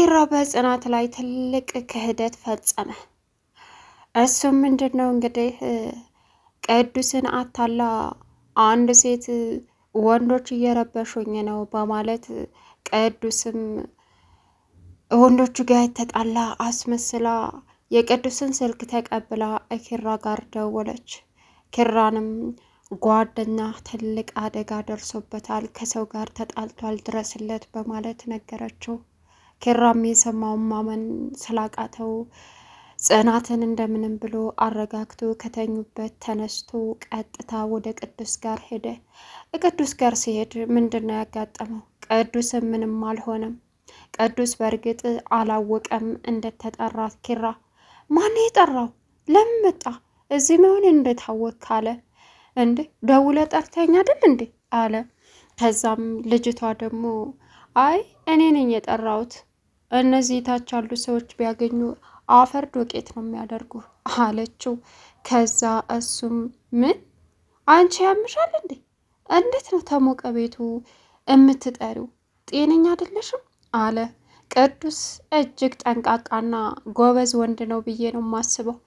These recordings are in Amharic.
ኪራ በጽናት ላይ ትልቅ ክህደት ፈጸመ። እሱም ምንድን ነው እንግዲህ ቅዱስን አታላ አንድ ሴት ወንዶች እየረበሹኝ ነው በማለት ቅዱስም ወንዶቹ ጋር የተጣላ አስመስላ የቅዱስን ስልክ ተቀብላ ኪራ ጋር ደወለች። ኪራንም ጓደኛ ትልቅ አደጋ ደርሶበታል፣ ከሰው ጋር ተጣልቷል፣ ድረስለት በማለት ነገረችው። ኪራም የሰማውን ማመን ስላቃተው ጽናትን እንደምንም ብሎ አረጋግቶ ከተኙበት ተነስቶ ቀጥታ ወደ ቅዱስ ጋር ሄደ። ቅዱስ ጋር ሲሄድ ምንድን ነው ያጋጠመው? ቅዱስም ምንም አልሆነም። ቅዱስ በእርግጥ አላወቀም እንደተጠራ። ኪራ ማን የጠራው? ለምን መጣ? እዚህ መሆን እንደታወቅ አለ። እንዴ ደውለ ጠርተኛ አይደል እንዴ አለ። ከዛም ልጅቷ ደግሞ አይ እኔ ነኝ የጠራሁት እነዚህ ታች ያሉ ሰዎች ቢያገኙ አፈር ዶቄት ነው የሚያደርጉ አለችው። ከዛ እሱም ምን አንቺ ያምሻል እንዴ? እንዴት ነው ተሞቀ ቤቱ የምትጠሪው? ጤነኛ አይደለሽም አለ። ቅዱስ እጅግ ጠንቃቃና ጎበዝ ወንድ ነው ብዬ ነው የማስበው።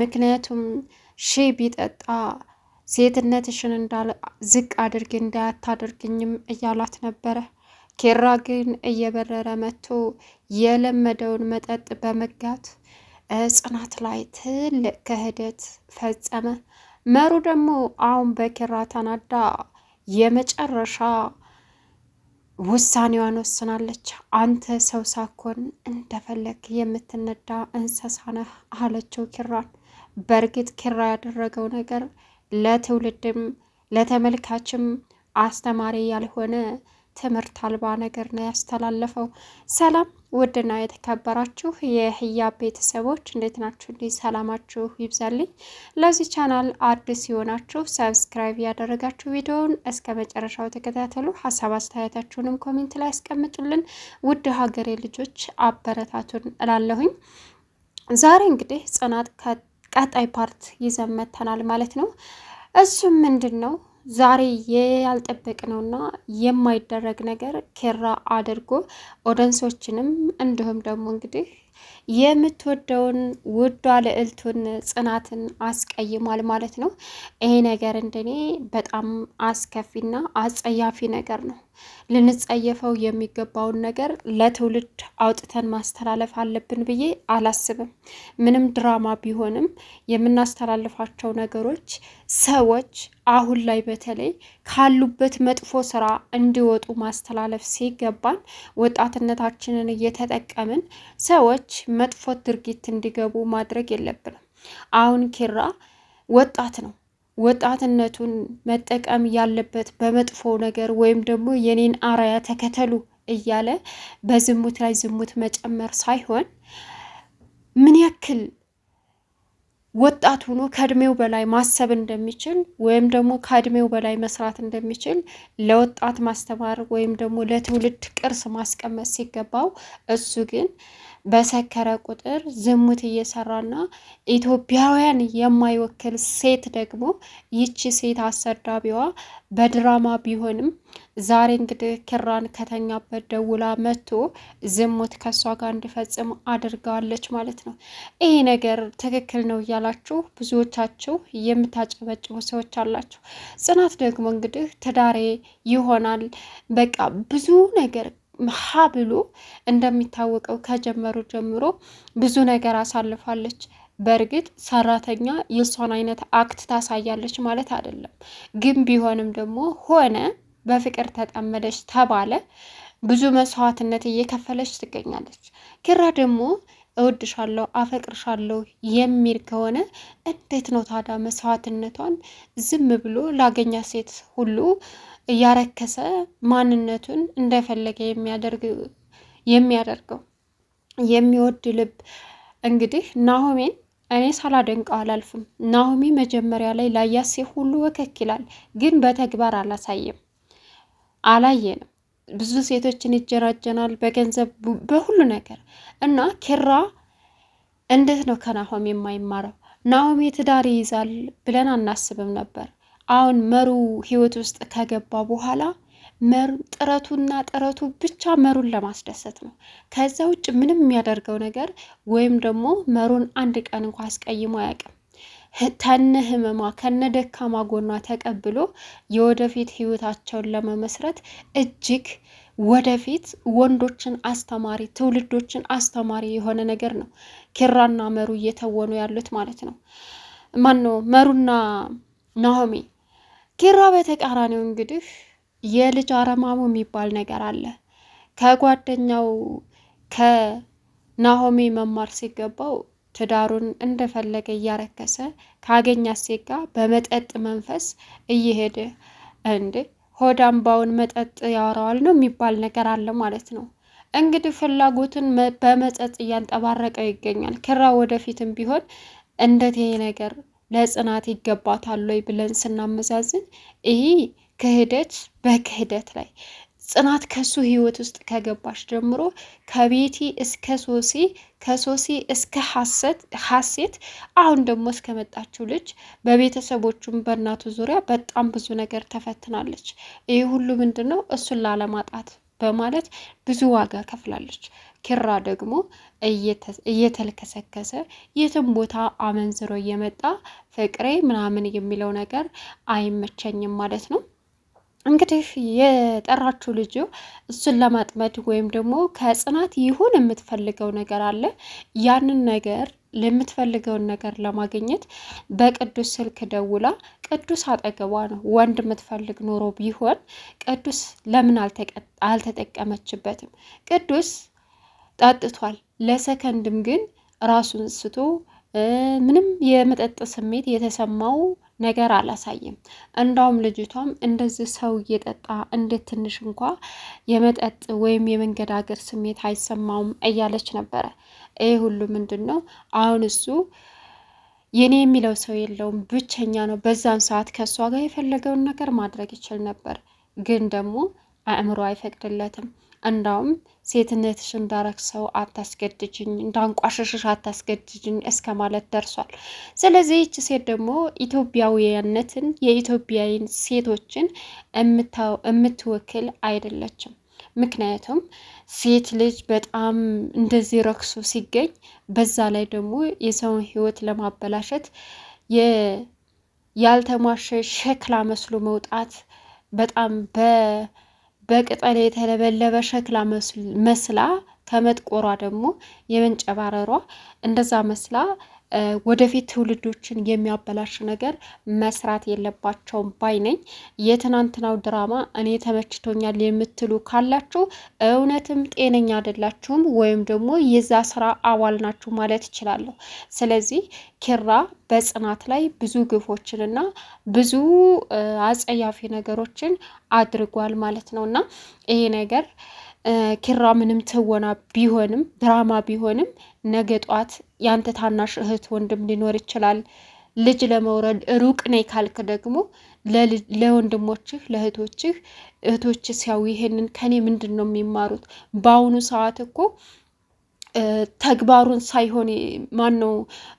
ምክንያቱም ሺ ቢጠጣ ሴትነትሽን እንዳለ ዝቅ አድርግ እንዳያታደርግኝም እያላት ነበረ። ኬራ ግን እየበረረ መጥቶ የለመደውን መጠጥ በመጋት ጽናት ላይ ትልቅ ክህደት ፈጸመ። መሩ ደግሞ አሁን በኬራ ተናዳ የመጨረሻ ውሳኔዋን ወስናለች። አንተ ሰው ሳኮን እንደፈለግ የምትነዳ እንስሳ ነህ አለችው ኪራን። በእርግጥ ኪራ ያደረገው ነገር ለትውልድም ለተመልካችም አስተማሪ ያልሆነ ትምህርት አልባ ነገር ነው ያስተላለፈው። ሰላም ውድና የተከበራችሁ የህያ ቤተሰቦች እንዴት ናችሁ? እንዲህ ሰላማችሁ ይብዛልኝ። ለዚህ ቻናል አዲስ ሲሆናችሁ ሰብስክራይብ ያደረጋችሁ ቪዲዮውን እስከ መጨረሻው ተከታተሉ። ሀሳብ አስተያየታችሁንም ኮሜንት ላይ ያስቀምጡልን። ውድ ሀገሬ ልጆች አበረታቱን እላለሁኝ። ዛሬ እንግዲህ ጽናት ቀጣይ ፓርት ይዘን መጥተናል ማለት ነው። እሱም ምንድን ነው ዛሬ ነውና የማይደረግ ነገር ኬራ አድርጎ ኦደንሶችንም እንዲሁም ደግሞ እንግዲህ የምትወደውን ውዷ ልዕልቱን ጽናትን አስቀይሟል ማለት ነው። ይሄ ነገር እንደኔ በጣም አስከፊና አጸያፊ ነገር ነው። ልንጸየፈው የሚገባውን ነገር ለትውልድ አውጥተን ማስተላለፍ አለብን ብዬ አላስብም። ምንም ድራማ ቢሆንም የምናስተላልፋቸው ነገሮች ሰዎች አሁን ላይ በተለይ ካሉበት መጥፎ ስራ እንዲወጡ ማስተላለፍ ሲገባን ወጣትነታችንን እየተጠቀምን ሰዎች መጥፎ ድርጊት እንዲገቡ ማድረግ የለብንም። አሁን ኪራ ወጣት ነው። ወጣትነቱን መጠቀም ያለበት በመጥፎ ነገር ወይም ደግሞ የኔን አራያ ተከተሉ እያለ በዝሙት ላይ ዝሙት መጨመር ሳይሆን ምን ያክል ወጣት ሆኖ ከእድሜው በላይ ማሰብ እንደሚችል ወይም ደግሞ ከእድሜው በላይ መስራት እንደሚችል ለወጣት ማስተማር ወይም ደግሞ ለትውልድ ቅርስ ማስቀመጥ ሲገባው እሱ ግን በሰከረ ቁጥር ዝሙት እየሰራና ኢትዮጵያውያን የማይወክል ሴት ደግሞ ይቺ ሴት አሰዳቢዋ በድራማ ቢሆንም ዛሬ እንግዲህ ኪራን ከተኛበት ደውላ መጥቶ ዝሙት ከእሷ ጋር እንዲፈጽም አድርጋለች ማለት ነው። ይሄ ነገር ትክክል ነው እያላችሁ ብዙዎቻችሁ የምታጨበጭቡ ሰዎች አላችሁ። ጽናት ደግሞ እንግዲህ ትዳሬ ይሆናል በቃ ብዙ ነገር ብሎ እንደሚታወቀው ከጀመሩ ጀምሮ ብዙ ነገር አሳልፋለች። በእርግጥ ሰራተኛ የእሷን አይነት አክት ታሳያለች ማለት አይደለም፣ ግን ቢሆንም ደግሞ ሆነ በፍቅር ተጠመደች ተባለ ብዙ መስዋዕትነት እየከፈለች ትገኛለች። ኪራ ደግሞ እወድሻለሁ አፈቅርሻለሁ የሚል ከሆነ እንዴት ነው ታዲያ መስዋዕትነቷን ዝም ብሎ ላገኛ ሴት ሁሉ እያረከሰ ማንነቱን እንደፈለገ የሚያደርገው የሚወድ ልብ እንግዲህ ናሆሜን እኔ ሳላደንቀው አላልፍም። ናሆሜ መጀመሪያ ላይ ላያሴ ሁሉ ወከክ ይላል፣ ግን በተግባር አላሳየም አላየንም። ብዙ ሴቶችን ይጀናጀናል በገንዘብ በሁሉ ነገር እና ኪራ እንዴት ነው ከናሆሜ የማይማረው? ናሆሜ ትዳር ይይዛል ብለን አናስብም ነበር። አሁን መሩ ህይወት ውስጥ ከገባ በኋላ መሩ ጥረቱና ጥረቱ ብቻ መሩን ለማስደሰት ነው። ከዛ ውጭ ምንም የሚያደርገው ነገር ወይም ደግሞ መሩን አንድ ቀን እንኳ አስቀይሞ አያውቅም። ከነ ህመሟ ከነ ደካማ ጎኗ ተቀብሎ የወደፊት ህይወታቸውን ለመመስረት እጅግ ወደፊት ወንዶችን አስተማሪ ትውልዶችን አስተማሪ የሆነ ነገር ነው ኪራና መሩ እየተወኑ ያሉት ማለት ነው። ማን ነው መሩና ናሆሜ ኪራ በተቃራኒው እንግዲህ የልጅ አረማሙ የሚባል ነገር አለ። ከጓደኛው ከናሆሜ መማር ሲገባው ትዳሩን እንደፈለገ እያረከሰ ካገኛት ሴት ጋር በመጠጥ መንፈስ እየሄደ እንዴ ሆድ አምባውን መጠጥ ያወራዋል ነው የሚባል ነገር አለ ማለት ነው። እንግዲህ ፍላጎትን በመጠጥ እያንጠባረቀው ይገኛል። ኪራ ወደፊትም ቢሆን እንደት ይሄ ነገር ለጽናት ይገባታል ወይ ብለን ስናመዛዝን ይህ ክህደት በክህደት ላይ ጽናት ከሱ ህይወት ውስጥ ከገባች ጀምሮ ከቤቲ እስከ ሶሲ ከሶሲ እስከ ሀሴት አሁን ደግሞ እስከመጣችው ልጅ በቤተሰቦቹም በእናቱ ዙሪያ በጣም ብዙ ነገር ተፈትናለች። ይህ ሁሉ ምንድን ነው? እሱን ላለማጣት በማለት ብዙ ዋጋ ከፍላለች። ኪራ ደግሞ እየተልከሰከሰ የትም ቦታ አመንዝሮ እየመጣ ፍቅሬ ምናምን የሚለው ነገር አይመቸኝም ማለት ነው። እንግዲህ የጠራችው ልጅ እሱን ለማጥመድ ወይም ደግሞ ከጽናት ይሁን የምትፈልገው ነገር አለ። ያንን ነገር የምትፈልገውን ነገር ለማግኘት በቅዱስ ስልክ ደውላ ቅዱስ አጠገቧ ነው። ወንድ የምትፈልግ ኖሮ ቢሆን ቅዱስ ለምን አልተጠቀመችበትም? ቅዱስ ጠጥቷል። ለሰከንድም ግን ራሱን ስቶ ምንም የመጠጥ ስሜት የተሰማው ነገር አላሳይም። እንዳውም ልጅቷም እንደዚህ ሰው እየጠጣ እንዴት ትንሽ እንኳ የመጠጥ ወይም የመንገድ የመንገዳገር ስሜት አይሰማውም እያለች ነበረ። ይህ ሁሉ ምንድን ነው? አሁን እሱ የኔ የሚለው ሰው የለውም፣ ብቸኛ ነው። በዛን ሰዓት ከእሷ ጋር የፈለገውን ነገር ማድረግ ይችል ነበር፣ ግን ደግሞ አእምሮ አይፈቅድለትም። እንዳውም ሴትነትሽ እንዳረክሰው አታስገድጅኝ፣ እንዳንቋሸሽሽ አታስገድጅኝ እስከ ማለት ደርሷል። ስለዚህ ይቺ ሴት ደግሞ ኢትዮጵያዊያነትን የኢትዮጵያዊን ሴቶችን የምትወክል አይደለችም። ምክንያቱም ሴት ልጅ በጣም እንደዚህ ረክሶ ሲገኝ በዛ ላይ ደግሞ የሰውን ህይወት ለማበላሸት ያልተሟሸ ሸክላ መስሎ መውጣት በጣም በቅጠል የተለበለበ ሸክላ መስላ ከመጥቆሯ ደግሞ የመንጨባረሯ እንደዛ መስላ ወደፊት ትውልዶችን የሚያበላሽ ነገር መስራት የለባቸውም ባይ ነኝ። የትናንትናው ድራማ እኔ ተመችቶኛል የምትሉ ካላችሁ እውነትም ጤነኛ አይደላችሁም፣ ወይም ደግሞ የዛ ስራ አባል ናችሁ ማለት እችላለሁ። ስለዚህ ኪራ በጽናት ላይ ብዙ ግፎችንና ብዙ አጸያፊ ነገሮችን አድርጓል ማለት ነው እና ይሄ ነገር ኪራ ምንም ትወና ቢሆንም ድራማ ቢሆንም ነገ ጧት ያንተ ታናሽ እህት ወንድም ሊኖር ይችላል። ልጅ ለመውረድ ሩቅ ነይ ካልክ ደግሞ ለወንድሞችህ ለእህቶችህ እህቶች ሲያዩ ይሄንን ከኔ ምንድን ነው የሚማሩት? በአሁኑ ሰዓት እኮ ተግባሩን ሳይሆን ነው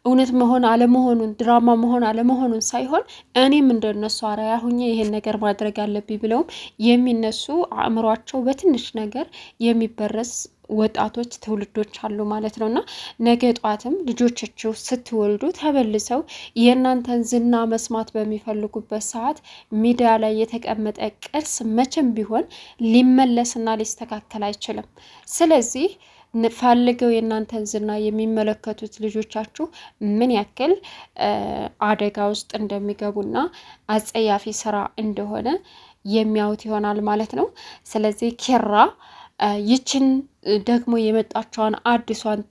እውነት መሆን አለመሆኑን ድራማ መሆን አለመሆኑን ሳይሆን እኔም እንደነሱ አርአያ ሁኜ ይሄን ነገር ማድረግ አለብኝ ብለውም የሚነሱ አእምሯቸው በትንሽ ነገር የሚበረስ ወጣቶች ትውልዶች አሉ ማለት ነው። እና ነገ ጧትም ልጆቻችሁ ስትወልዱ ተበልሰው የእናንተን ዝና መስማት በሚፈልጉበት ሰዓት ሚዲያ ላይ የተቀመጠ ቅርስ መቼም ቢሆን ሊመለስና ሊስተካከል አይችልም። ስለዚህ ፈልገው የእናንተን ዝና የሚመለከቱት ልጆቻችሁ ምን ያክል አደጋ ውስጥ እንደሚገቡና አጸያፊ ስራ እንደሆነ የሚያዩት ይሆናል ማለት ነው። ስለዚህ ኪራ ይችን ደግሞ የመጣቸዋን አዲሷን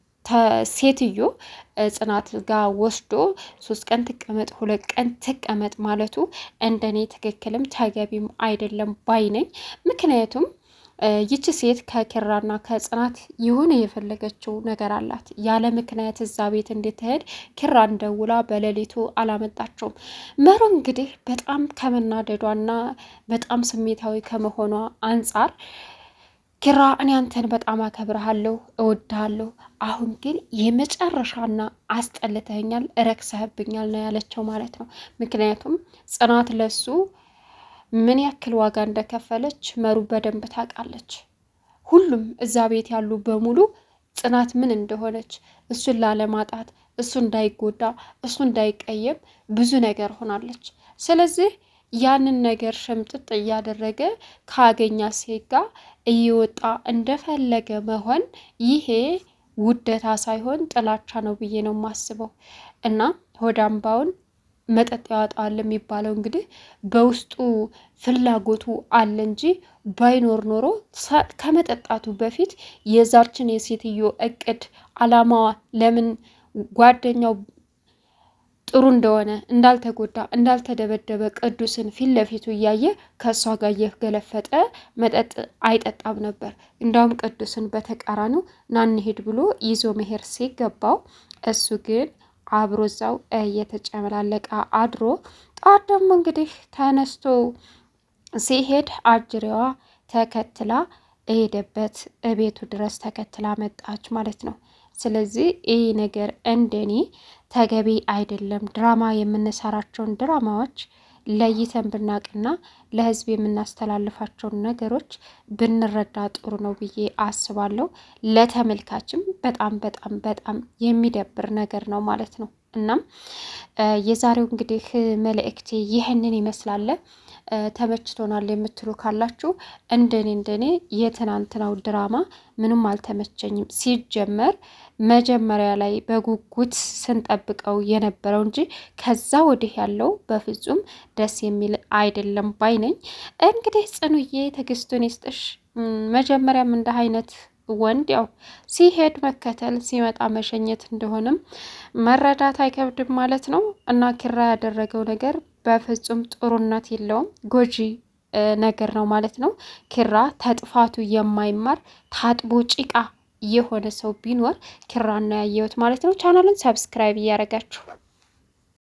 ሴትዮ ጽናት ጋር ወስዶ ሶስት ቀን ትቀመጥ ሁለት ቀን ትቀመጥ ማለቱ እንደኔ ትክክልም ተገቢም አይደለም ባይ ነኝ። ምክንያቱም ይቺ ሴት ከኪራና ከጽናት የሆነ የፈለገችው ነገር አላት። ያለ ምክንያት እዛ ቤት እንድትሄድ ኪራን ደውላ በሌሊቱ አላመጣቸውም። መሩ እንግዲህ በጣም ከመናደዷና በጣም ስሜታዊ ከመሆኗ አንጻር ኪራ እኔ አንተን በጣም አከብረሃለሁ፣ እወድሃለሁ። አሁን ግን የመጨረሻና አስጠልተኛል፣ ረክሰህብኛል ነው ያለችው ማለት ነው። ምክንያቱም ጽናት ለሱ ምን ያክል ዋጋ እንደከፈለች መሩ በደንብ ታውቃለች። ሁሉም እዛ ቤት ያሉ በሙሉ ጽናት ምን እንደሆነች እሱን ላለማጣት፣ እሱ እንዳይጎዳ፣ እሱ እንዳይቀየም ብዙ ነገር ሆናለች። ስለዚህ ያንን ነገር ሸምጥጥ እያደረገ ካገኛ ሴት ጋር እየወጣ እንደፈለገ መሆን ይሄ ውደታ ሳይሆን ጥላቻ ነው ብዬ ነው የማስበው እና ሆዳምባውን መጠጥ ያወጣዋል የሚባለው እንግዲህ በውስጡ ፍላጎቱ አለ እንጂ ባይኖር ኖሮ ከመጠጣቱ በፊት የዛችን የሴትዮ እቅድ አላማዋ ለምን ጓደኛው ጥሩ እንደሆነ እንዳልተጎዳ እንዳልተደበደበ ቅዱስን ፊት ለፊቱ እያየ ከእሷ ጋር እየገለፈጠ መጠጥ አይጠጣም ነበር። እንዳውም ቅዱስን በተቃራኒው ናንሄድ ብሎ ይዞ መሄድ ሲገባው እሱ ግን አብሮ እዛው እየተጨመላለቀ አድሮ ጠዋት ደግሞ እንግዲህ ተነስቶ ሲሄድ አጅሬዋ ተከትላ እሄደበት እቤቱ ድረስ ተከትላ መጣች ማለት ነው። ስለዚህ ይህ ነገር እንደኔ ተገቢ አይደለም። ድራማ የምንሰራቸውን ድራማዎች ለይተን ብናቅና ለህዝብ የምናስተላልፋቸውን ነገሮች ብንረዳ ጥሩ ነው ብዬ አስባለሁ። ለተመልካችም በጣም በጣም በጣም የሚደብር ነገር ነው ማለት ነው። እናም የዛሬው እንግዲህ መልእክቴ ይህንን ይመስላል። ተመችቶናል የምትሉ ካላችሁ እንደኔ እንደኔ የትናንትናው ድራማ ምንም አልተመቸኝም። ሲጀመር መጀመሪያ ላይ በጉጉት ስንጠብቀው የነበረው እንጂ ከዛ ወዲህ ያለው በፍጹም ደስ የሚል አይደለም ባይ ነኝ። እንግዲህ ጽኑዬ ትዕግስቱን ይስጥሽ። መጀመሪያም እንደ አይነት ወንድ ያው ሲሄድ መከተል ሲመጣ መሸኘት እንደሆነም መረዳት አይከብድም ማለት ነው እና ኪራ ያደረገው ነገር በፍጹም ጥሩነት የለውም፣ ጎጂ ነገር ነው ማለት ነው። ኪራ ተጥፋቱ የማይማር ታጥቦ ጭቃ የሆነ ሰው ቢኖር ኪራ ነው ያየሁት ማለት ነው። ቻናሉን ሰብስክራይብ እያደረጋችሁ